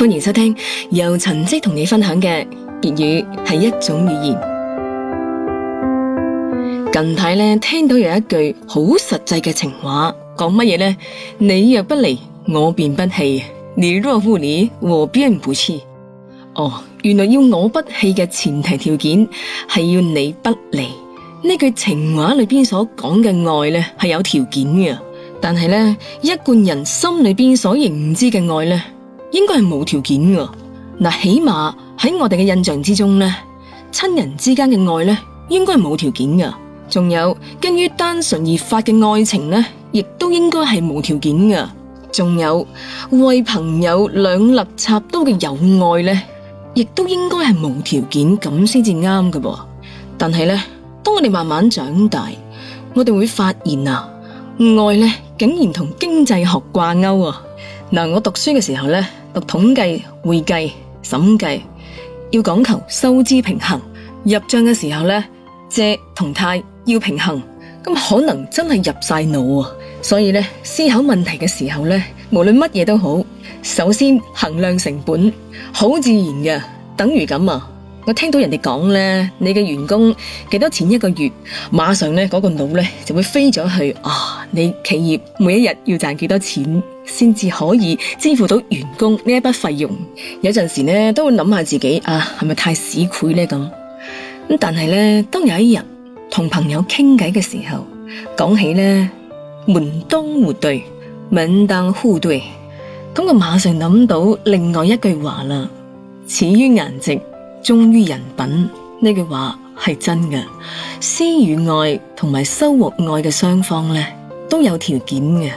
歡迎收聽，由陳織同你分享嘅粵語係一種語言。近排咧聽到有一句好實際嘅情話，講乜嘢呢？你若不離，我便不棄。你若不離，我便不棄。哦，原來要我不棄嘅前提條件係要你不離。呢句情話裏邊所講嘅愛呢，係有條件嘅，但係呢一貫人心裏邊所認知嘅愛呢。應該係無條件㗎，嗱，起碼喺我哋嘅印象之中，呢親人之間嘅愛呢，應該係無條件㗎，仲有基於單純而發嘅愛情呢，亦都應該係無條件㗎，仲有為朋友兩肋插刀嘅友愛呢，亦都應該係無條件咁先至啱㗎噃。但係呢，當我哋慢慢長大，我哋會發現啊，愛呢。竟然同經濟學掛鈎啊！嗱，我讀書嘅時候呢，讀統計、會計、審計，要講求收支平衡。入賬嘅時候呢，借同貸要平衡。咁可能真係入晒腦啊！所以呢，思考問題嘅時候呢，無論乜嘢都好，首先衡量成本，好自然嘅，等於咁啊。我聽到人哋講咧，你嘅員工幾多錢一個月，馬上咧嗰個腦咧就會飛咗去啊！你企業每一日要賺幾多錢先至可以支付到員工呢一筆費用？有陣時咧都會諗下自己啊，係咪太屎賬咧咁？咁但係咧，當有一日同朋友傾偈嘅時候，講起咧門當戶對、門當戶對，咁我馬上諗到另外一句話啦：始於顏值。忠於人品呢句話係真嘅，施與愛同埋收穫愛嘅雙方呢都有條件嘅。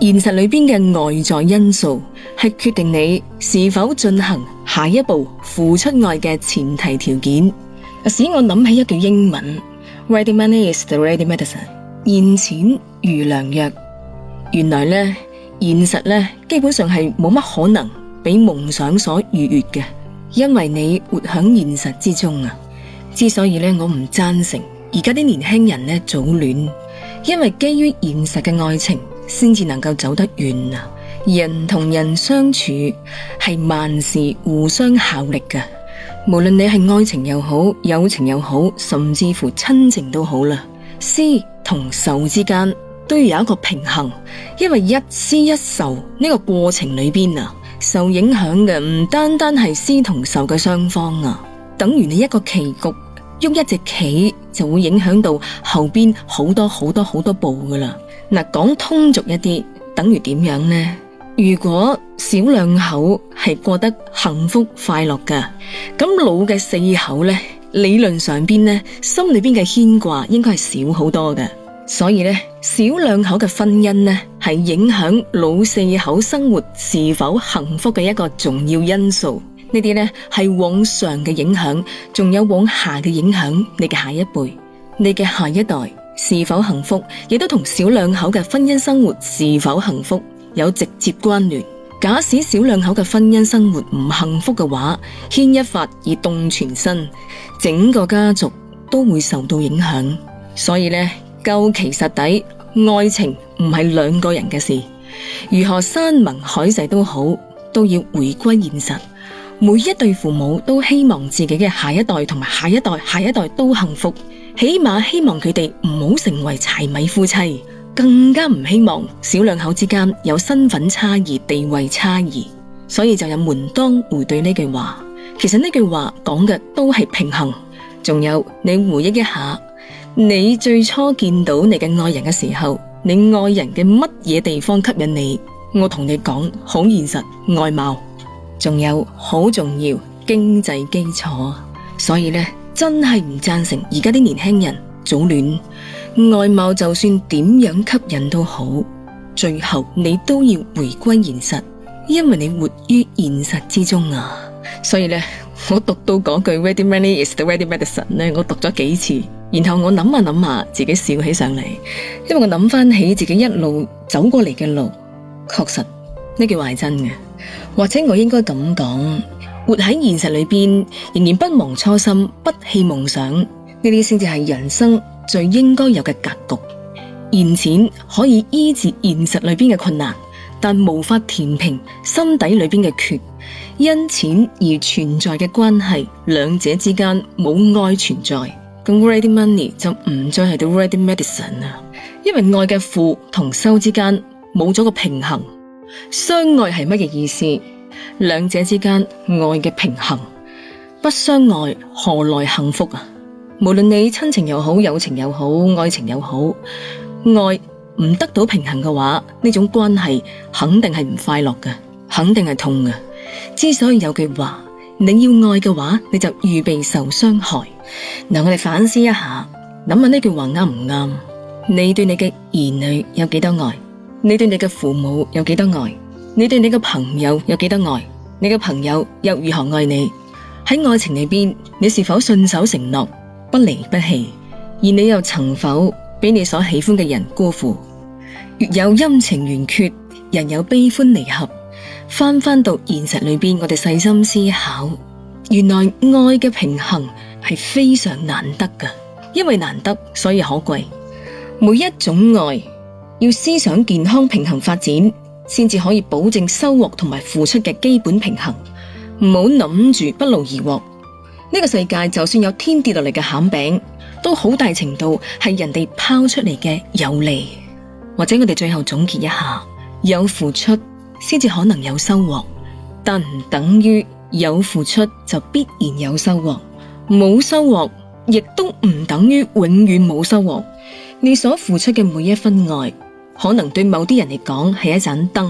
現實裏面嘅外在因素係決定你是否進行下一步付出愛嘅前提條件。使我諗起一句英文：Ready money is the ready medicine，現錢如良藥。原來呢，現實呢，基本上係冇乜可能俾夢想所逾越嘅。因為你活喺現實之中啊，之所以咧我唔贊成而家啲年輕人咧早戀，因為基於現實嘅愛情先至能夠走得遠啊。人同人相處係萬事互相效力嘅，無論你係愛情又好，友情又好，甚至乎親情都好啦。施同受之間都要有一個平衡，因為一施一受呢個過程裏邊啊。受影響嘅唔單單係施同受嘅雙方啊，等於你一個棋局用一隻棋，就會影響到後邊好多好多好多步㗎啦。嗱、啊，講通俗一啲，等於點樣呢？如果小兩口係過得幸福快樂㗎，咁老嘅四口呢，理論上邊呢，心裏邊嘅牽掛應該係少好多㗎。所以呢，小兩口嘅婚姻呢，係影響老四口生活是否幸福嘅一個重要因素。呢啲呢，係往上嘅影響，仲有往下嘅影響。你嘅下一輩、你嘅下一代是否幸福，亦都同小兩口嘅婚姻生活是否幸福有直接關聯。假使小兩口嘅婚姻生活唔幸福嘅話，牽一髮而動全身，整個家族都會受到影響。所以呢。究其實底，愛情唔係兩個人嘅事，如何山盟海誓都好，都要回歸現實。每一對父母都希望自己嘅下一代同埋下一代、下一代都幸福，起碼希望佢哋唔好成為柴米夫妻，更加唔希望小兩口之間有身份差異、地位差異。所以就有門當戶對呢句話。其實呢句話講嘅都係平衡。仲有，你回憶一下。你最初見到你嘅愛人嘅時候，你愛人嘅乜嘢地方吸引你？我同你講，好現實，外貌，仲有好重要經濟基礎。所以呢，真係唔贊成而家啲年輕人早戀。外貌就算點樣吸引都好，最後你都要回歸現實，因為你活於現實之中啊。所以呢，我讀到嗰句 “Ready money is the ready medicine” 呢，我讀咗幾次。然後我諗下諗下，自己笑起上嚟，因為我諗翻起自己一路走過嚟嘅路，確實呢句話係真嘅。或者我應該咁講，活喺現實裏邊，仍然不忘初心，不棄夢想，呢啲先至係人生最應該有嘅格局。現錢可以醫治現實裏邊嘅困難，但無法填平心底裏邊嘅缺。因錢而存在嘅關係，兩者之間冇愛存在。咁 ready money 就唔再係啲 ready medicine 啦，因為愛嘅付同收之間冇咗個平衡，相愛係乜嘢意思？兩者之間愛嘅平衡，不相愛何來幸福啊？無論你親情又好，友情又好，愛情又好，愛唔得到平衡嘅話，呢種關係肯定係唔快樂嘅，肯定係痛嘅。之所以有句話，你要愛嘅話，你就預備受傷害。嗱，我哋反思一下，諗下呢句話啱唔啱？你對你嘅兒女有幾多愛？你對你嘅父母有幾多愛？你對你嘅朋友有幾多愛？你嘅朋友又如何愛你？喺愛情裏邊，你是否信守承諾，不離不棄？而你又曾否俾你所喜歡嘅人辜負？月有陰晴圓缺，人有悲歡離合。翻，翻到現實裏邊，我哋細心思考，原來愛嘅平衡係非常難得噶因為難得所以可貴。每一種愛要思想健康、平衡發展，先至可以保證收穫同埋付出嘅基本平衡。唔好諗住不勞而獲。呢個世界就算有天跌落嚟嘅餡餅，都好大程度係人哋拋出嚟嘅有利。或者我哋最後總結一下：有付出。先至可能有收穫，但唔等於有付出就必然有收穫。冇收穫，亦都唔等於永遠冇收穫。你所付出嘅每一分愛，可能對某啲人嚟講係一盞燈，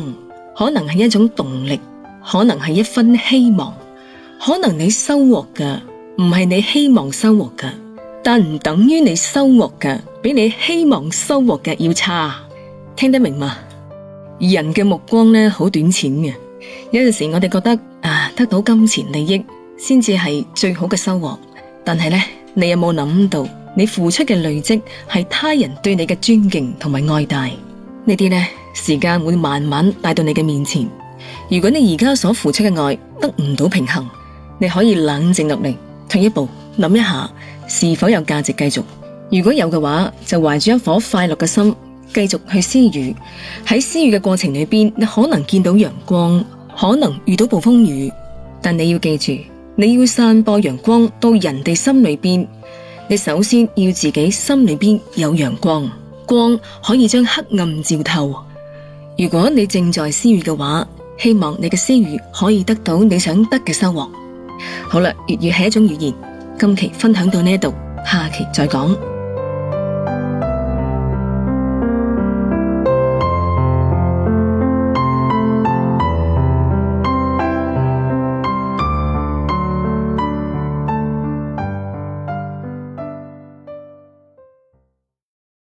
可能係一種動力，可能係一分希望。可能你收穫嘅唔係你希望收穫嘅，但唔等於你收穫嘅比你希望收穫嘅要差。聽得明嗎？人嘅目光呢，好短淺嘅，有陣時我哋覺得啊，得到金錢利益先至係最好嘅收穫。但係呢，你有冇諗到，你付出嘅累積係他人對你嘅尊敬同埋愛戴？呢啲呢，時間會慢慢帶到你嘅面前。如果你而家所付出嘅愛得唔到平衡，你可以冷靜落嚟，退一步諗一下，是否有價值繼續？如果有嘅話，就懷住一顆快樂嘅心。繼續去施予，喺施予嘅過程裏邊，你可能見到陽光，可能遇到暴風雨，但你要記住，你要散播陽光到人哋心裏邊，你首先要自己心裏邊有陽光，光可以將黑暗照透。如果你正在施予嘅話，希望你嘅施予可以得到你想得嘅收穫。好啦，粵語係一種語言，今期分享到呢度，下期再講。